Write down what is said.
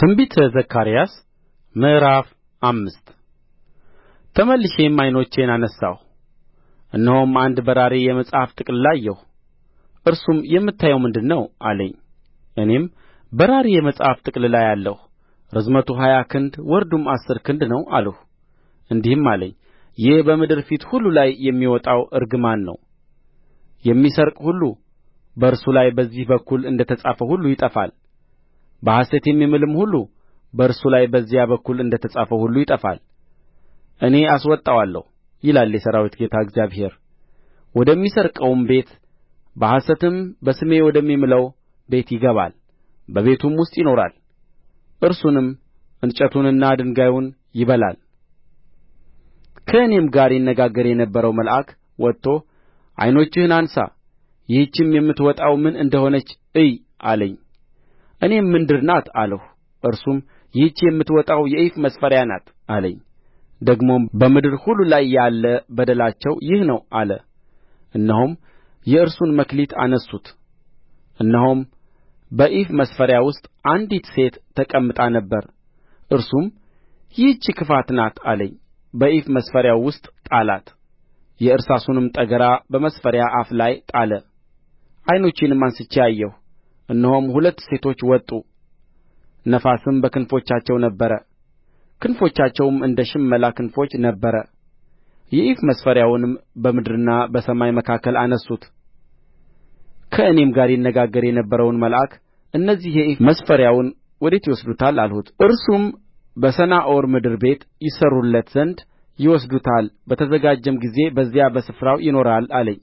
ትንቢተ ዘካርያስ ምዕራፍ አምስት ተመልሼም ዓይኖቼን አነሣሁ እነሆም አንድ በራሪ የመጽሐፍ ጥቅልል አየሁ እርሱም የምታየው ምንድር ነው አለኝ እኔም በራሪ የመጽሐፍ ጥቅልል አያለሁ ርዝመቱ ሀያ ክንድ ወርዱም አሥር ክንድ ነው አልሁ እንዲህም አለኝ ይህ በምድር ፊት ሁሉ ላይ የሚወጣው እርግማን ነው የሚሰርቅ ሁሉ በእርሱ ላይ በዚህ በኩል እንደ ተጻፈ ሁሉ ይጠፋል በሐሰት የሚምልም ሁሉ በእርሱ ላይ በዚያ በኩል እንደ ተጻፈው ሁሉ ይጠፋል እኔ አስወጣዋለሁ ይላል የሠራዊት ጌታ እግዚአብሔር ወደሚሰርቀውም ቤት በሐሰትም በስሜ ወደሚምለው ቤት ይገባል በቤቱም ውስጥ ይኖራል እርሱንም እንጨቱንና ድንጋዩን ይበላል ከእኔም ጋር ይነጋገር የነበረው መልአክ ወጥቶ ዓይኖችህን አንሣ ይህችም የምትወጣው ምን እንደሆነች እይ አለኝ እኔም ምንድር ናት አልሁ እርሱም ይህች የምትወጣው የኢፍ መስፈሪያ ናት አለኝ ደግሞም በምድር ሁሉ ላይ ያለ በደላቸው ይህ ነው አለ እነሆም የእርሱን መክሊት አነሡት እነሆም በኢፍ መስፈሪያ ውስጥ አንዲት ሴት ተቀምጣ ነበር እርሱም ይህች ክፋት ናት አለኝ በኢፍ መስፈሪያው ውስጥ ጣላት የእርሳሱንም ጠገራ በመስፈሪያ አፍ ላይ ጣለ ዓይኖቼንም አንሥቼ አየሁ እነሆም ሁለት ሴቶች ወጡ ነፋስም በክንፎቻቸው ነበረ ክንፎቻቸውም እንደ ሽመላ ክንፎች ነበረ የኢፍ መስፈሪያውንም በምድርና በሰማይ መካከል አነሡት ከእኔም ጋር ይነጋገር የነበረውን መልአክ እነዚህ የኢፍ መስፈሪያውን ወዴት ይወስዱታል አልሁት እርሱም በሰናዖር ምድር ቤት ይሠሩለት ዘንድ ይወስዱታል በተዘጋጀም ጊዜ በዚያ በስፍራው ይኖራል አለኝ